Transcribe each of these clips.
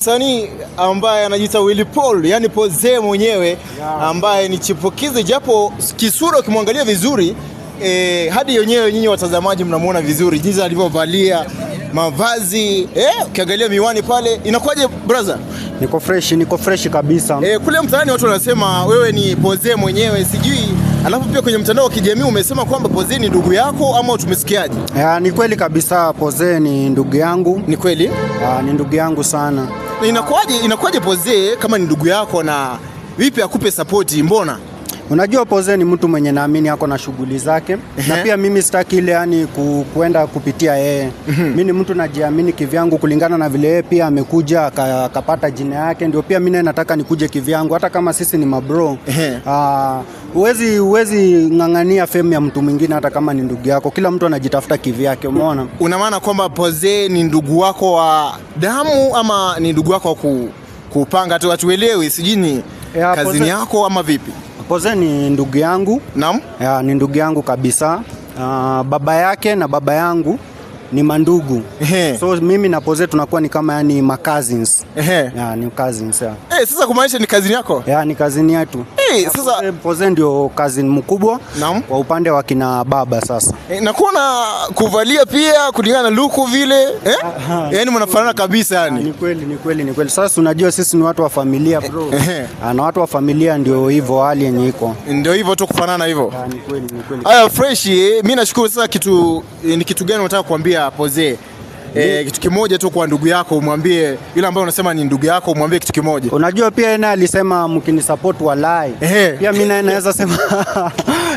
Msanii ambaye anajiita Willy Paul, yani Poze mwenyewe ambaye ni chipukizi, japo kisura ukimwangalia vizuri eh, hadi yenyewe nyinyi watazamaji mnamuona vizuri jinsi alivyovalia mavazi eh, ukiangalia miwani pale. Inakuwaje brother? Niko fresh, niko fresh kabisa. eh, kule mtaani watu wanasema wewe ni Poze mwenyewe, sijui Alafu pia kwenye mtandao wa kijamii umesema kwamba Poze ni ndugu yako ama tumesikiaje? Ya, ni kweli kabisa Poze ni ndugu yangu. Ni kweli? Ya, ni ndugu yangu sana inakuwaje inakuwaje pozee kama ni ndugu yako na vipi akupe sapoti mbona Unajua Poze ni mtu mwenye naamini ako na shughuli zake uh -huh. na pia mimi sitaki ile yani ku, kuenda kupitia yeye uh mhm. -huh. mimi ni mtu najiamini kivyangu kulingana na vile yeye pia amekuja akapata jina yake, ndio pia mimi nataka nikuje kivyangu, hata kama sisi ni mabro uh -huh. Uwezi uwezi ng'ang'ania fame ya mtu mwingine, hata kama ni ndugu yako. Kila mtu anajitafuta kivyake, umeona? Una maana kwamba Poze ni ndugu wako wa damu ama ni ndugu wako ku, kupanga tu? Hatuelewi ni ya, eh, kazini Poze... yako ama vipi? Poze ni ndugu yangu. Naam. Ya, ni ndugu yangu kabisa. Uh, baba yake na baba yangu ni mandugu. Ehe. So mimi na Poze tunakuwa ni kama yani ma cousins. Ehe. Ya, ni cousins ya. Eh, sasa kumaanisha ni kazini yako? Ya, ni kazini yetu okay, sasa Mpoze ndio cousin mkubwa naam, kwa upande wa kina baba sasa. E, eh, nakuona kuvalia pia kulingana na luku vile eh? Yaani mnafanana kabisa yani. Ah, ni kweli, ni kweli, ni kweli. Sasa unajua sisi ni watu wa familia bro. Eh, eh. Ah, na watu wa familia ndio hivyo hali yenye iko. Ndio hivyo tu kufanana hivyo. Ah, ni kweli, ni kweli. Haya fresh, eh, mimi nashukuru sasa kitu ni kitu gani unataka kuambia pozee e, kitu kimoja tu kwa ndugu yako umwambie yule ambaye unasema ni ndugu yako umwambie kitu kimoja. Unajua pia yeye alisema mkinisupport walai. Ehe. Pia mimi naweza sema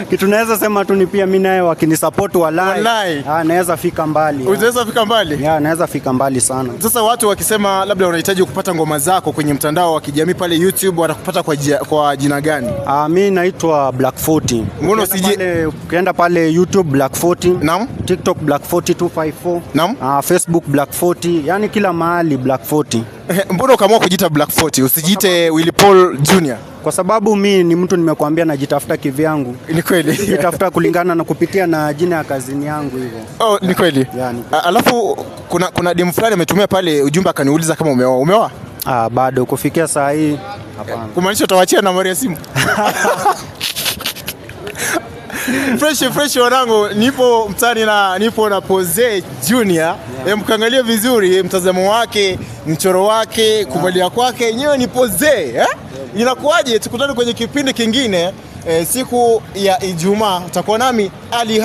kitu naweza sema tu ni pia mimi naye wakinisupport walai, ah, naweza fika mbali. Unaweza fika mbali? Yeah, naweza fika mbali sana. Sasa watu wakisema labda wanahitaji kupata ngoma zako kwenye mtandao wa kijamii pale YouTube wanakupata kwa, jia, kwa jina gani? Ah, mimi naitwa Black 40. Mbona usije ukienda pale YouTube Black 40. Naam. TikTok Black 40 254. Naam. Ah, Facebook Black 40. Yaani kila mahali Black 40. Eh, mbona ukaamua kujiita Black 40 usijiite Willy Junior? kwa sababu mi ni mtu nimekuambia najitafuta kivyangu. Ni kweli. Najitafuta kulingana na kupitia na jina ya kazini yangu hivyo. Oh, ni kweli. Alafu kuna kuna demu fulani ametumia pale ujumbe akaniuliza kama umeoa. Umeoa? Ah, bado kufikia saa hii. Hapana. Kumaanisha utawachia nambari ya simu. Fresh fresh wanangu, nipo mtani na nipo na pose Junior. Yeah. Mkaangalia vizuri mtazamo wake, mchoro wake, kuvalia kwake yenyewe ni pose eh? Inakuwaje tukutane kwenye kipindi kingine e, siku ya Ijumaa. Utakuwa nami Ali